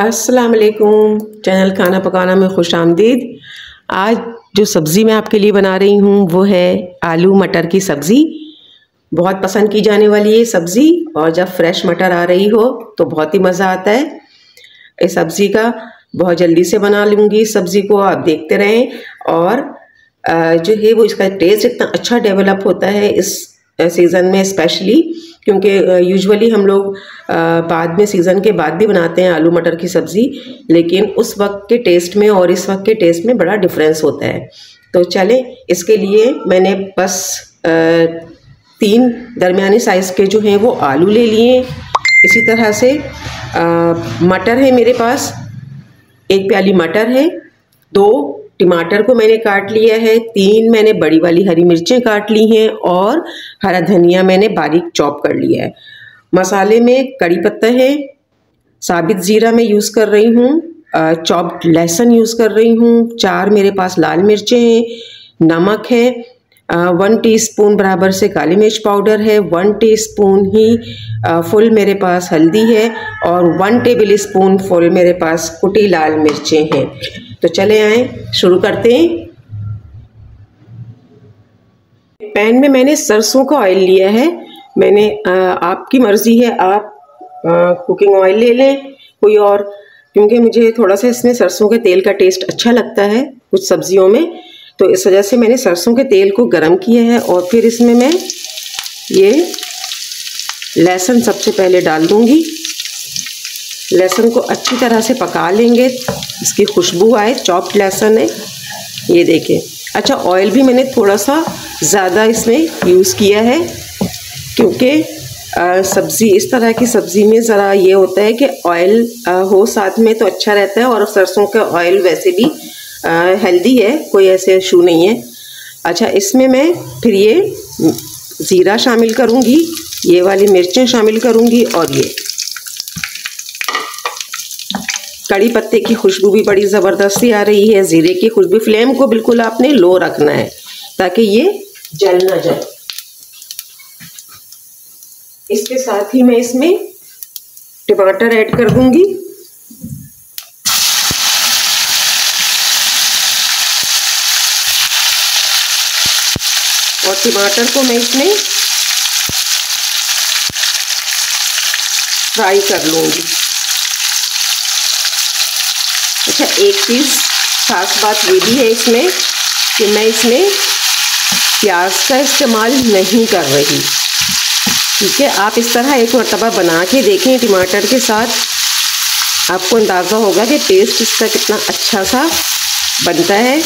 अस्सलाम वालेकुम चैनल खाना पकाना में खुश आमदीद आज जो सब्ज़ी मैं आपके लिए बना रही हूँ वो है आलू मटर की सब्ज़ी बहुत पसंद की जाने वाली है सब्ज़ी और जब फ्रेश मटर आ रही हो तो बहुत ही मज़ा आता है इस सब्ज़ी का बहुत जल्दी से बना लूँगी सब्ज़ी को आप देखते रहें और जो है वो इसका टेस्ट इतना अच्छा डेवलप होता है इस सीज़न में स्पेशली क्योंकि यूजुअली हम लोग बाद में सीज़न के बाद भी बनाते हैं आलू मटर की सब्ज़ी लेकिन उस वक्त के टेस्ट में और इस वक्त के टेस्ट में बड़ा डिफरेंस होता है तो चलें इसके लिए मैंने बस तीन दरमिया साइज़ के जो हैं वो आलू ले लिए इसी तरह से मटर है मेरे पास एक प्याली मटर है दो टमाटर को मैंने काट लिया है तीन मैंने बड़ी वाली हरी मिर्चें काट ली हैं और हरा धनिया मैंने बारीक चॉप कर लिया है मसाले में कड़ी पत्ता है साबित ज़ीरा मैं यूज़ कर रही हूँ चॉप्ड लहसुन यूज़ कर रही हूँ चार मेरे पास लाल मिर्चें हैं नमक है वन टीस्पून बराबर से काली मिर्च पाउडर है वन टीस्पून ही फुल मेरे पास हल्दी है और वन टेबल स्पून फुल मेरे पास कुटी लाल मिर्चें हैं तो चले आए शुरू करते हैं पैन में मैंने सरसों का ऑयल लिया है मैंने आ, आपकी मर्ज़ी है आप आ, कुकिंग ऑयल ले लें कोई और क्योंकि मुझे थोड़ा सा इसमें सरसों के तेल का टेस्ट अच्छा लगता है कुछ सब्जियों में तो इस वजह से मैंने सरसों के तेल को गर्म किया है और फिर इसमें मैं ये लहसुन सबसे पहले डाल दूँगी लहसुन को अच्छी तरह से पका लेंगे इसकी खुशबू आए चॉप्ड लहसुन है ये देखें अच्छा ऑयल भी मैंने थोड़ा सा ज़्यादा इसमें यूज़ किया है क्योंकि सब्ज़ी इस तरह की सब्ज़ी में ज़रा ये होता है कि ऑयल हो साथ में तो अच्छा रहता है और सरसों का ऑयल वैसे भी हेल्दी है कोई ऐसे इशू नहीं है अच्छा इसमें मैं फिर ये ज़ीरा शामिल करूँगी ये वाली मिर्चें शामिल करूँगी और ये कड़ी पत्ते की खुशबू भी बड़ी जबरदस्ती आ रही है ज़ीरे की खुशबू फ्लेम को बिल्कुल आपने लो रखना है ताकि ये जल ना जाए इसके साथ ही मैं इसमें टमाटर ऐड कर दूंगी और टमाटर को मैं इसमें फ्राई कर लूंगी अच्छा एक चीज़ खास बात ये भी है इसमें कि मैं इसमें प्याज का इस्तेमाल नहीं कर रही ठीक है आप इस तरह एक मरतबा बना के देखें टमाटर के साथ आपको अंदाज़ा होगा कि टेस्ट इसका कितना अच्छा सा बनता है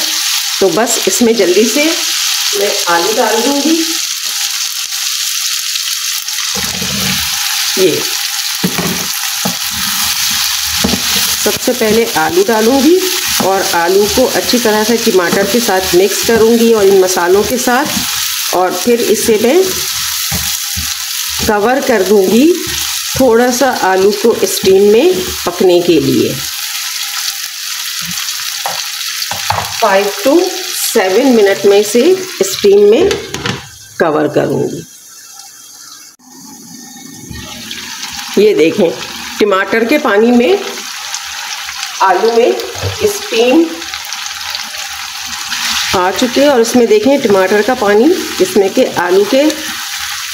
तो बस इसमें जल्दी से मैं आलू डाल दूँगी ये सबसे पहले आलू डालूंगी और आलू को अच्छी तरह से टमाटर के साथ मिक्स करूंगी और इन मसालों के साथ और फिर इसे मैं कवर कर दूंगी थोड़ा सा आलू को स्टीम में पकने के लिए फाइव टू सेवन मिनट में से स्टीम में कवर करूंगी ये देखें टमाटर के पानी में आलू में स्टीम आ चुके हैं और इसमें देखें टमाटर का पानी जिसमें कि आलू के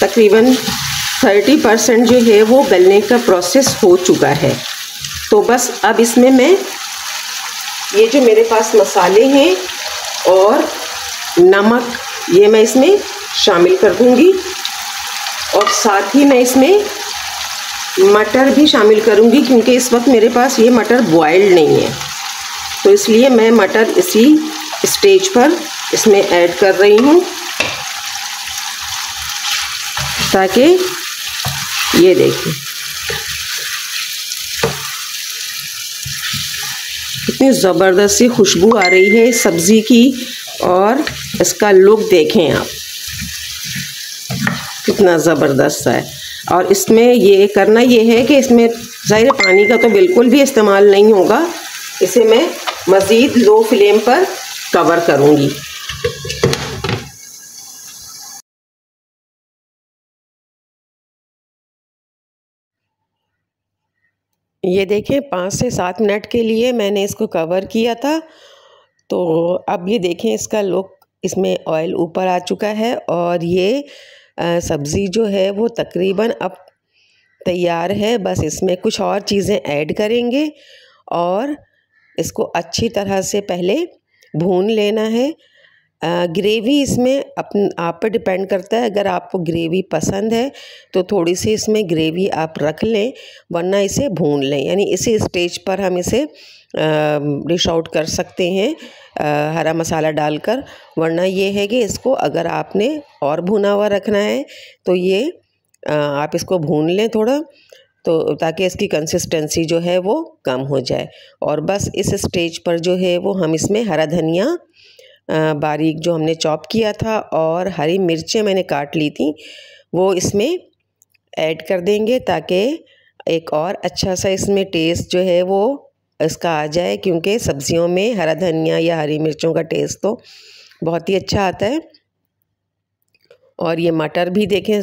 तकरीबन 30 परसेंट जो है वो गलने का प्रोसेस हो चुका है तो बस अब इसमें मैं ये जो मेरे पास मसाले हैं और नमक ये मैं इसमें शामिल कर दूंगी और साथ ही मैं इसमें मटर भी शामिल करूँगी क्योंकि इस वक्त मेरे पास ये मटर बॉयल्ड नहीं है तो इसलिए मैं मटर इसी स्टेज पर इसमें ऐड कर रही हूँ ताकि ये देखें कितनी ज़बरदस्त सी खुशबू आ रही है सब्ज़ी की और इसका लुक देखें आप कितना ज़बरदस्त है और इसमें ये करना ये है कि इसमें ज़ाहिर पानी का तो बिल्कुल भी इस्तेमाल नहीं होगा इसे मैं मज़ीद लो फ्लेम पर कवर करूँगी ये देखें पाँच से सात मिनट के लिए मैंने इसको कवर किया था तो अब ये देखें इसका लुक इसमें ऑयल ऊपर आ चुका है और ये सब्ज़ी जो है वो तकरीबन अब तैयार है बस इसमें कुछ और चीज़ें ऐड करेंगे और इसको अच्छी तरह से पहले भून लेना है ग्रेवी इसमें अपन आप पर डिपेंड करता है अगर आपको ग्रेवी पसंद है तो थोड़ी सी इसमें ग्रेवी आप रख लें वरना इसे भून लें यानी इसी स्टेज पर हम इसे डिश आउट कर सकते हैं आ, हरा मसाला डालकर वरना ये है कि इसको अगर आपने और भुना हुआ रखना है तो ये आ, आप इसको भून लें थोड़ा तो ताकि इसकी कंसिस्टेंसी जो है वो कम हो जाए और बस इस स्टेज पर जो है वो हम इसमें हरा धनिया बारीक जो हमने चॉप किया था और हरी मिर्चें मैंने काट ली थी वो इसमें ऐड कर देंगे ताकि एक और अच्छा सा इसमें टेस्ट जो है वो इसका आ जाए क्योंकि सब्जियों में हरा धनिया या हरी मिर्चों का टेस्ट तो बहुत ही अच्छा आता है और ये मटर भी देखें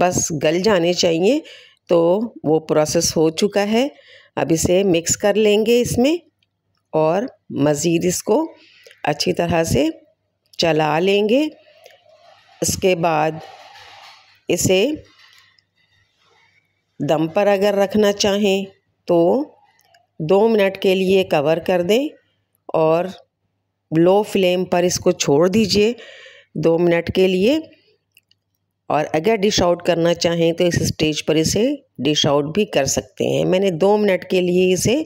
बस गल जाने चाहिए तो वो प्रोसेस हो चुका है अब इसे मिक्स कर लेंगे इसमें और मज़ीद इसको अच्छी तरह से चला लेंगे इसके बाद इसे दम पर अगर रखना चाहें तो दो मिनट के लिए कवर कर दें और लो फ्लेम पर इसको छोड़ दीजिए दो मिनट के लिए और अगर डिश आउट करना चाहें तो इस स्टेज पर इसे डिश आउट भी कर सकते हैं मैंने दो मिनट के लिए इसे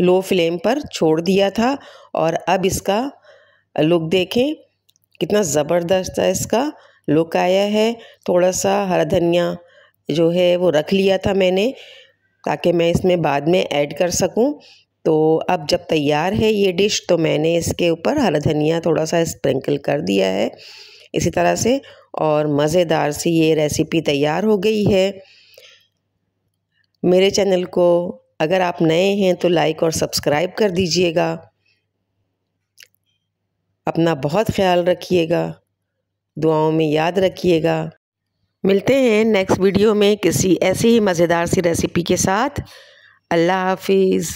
लो फ्लेम पर छोड़ दिया था और अब इसका लुक देखें कितना ज़बरदस्त है इसका लुक आया है थोड़ा सा हरा धनिया जो है वो रख लिया था मैंने ताकि मैं इसमें बाद में ऐड कर सकूं तो अब जब तैयार है ये डिश तो मैंने इसके ऊपर हरा धनिया थोड़ा सा स्प्रिंकल कर दिया है इसी तरह से और मज़ेदार सी ये रेसिपी तैयार हो गई है मेरे चैनल को अगर आप नए हैं तो लाइक और सब्सक्राइब कर दीजिएगा अपना बहुत ख्याल रखिएगा दुआओं में याद रखिएगा मिलते हैं नेक्स्ट वीडियो में किसी ऐसी ही मज़ेदार सी रेसिपी के साथ अल्लाह हाफिज़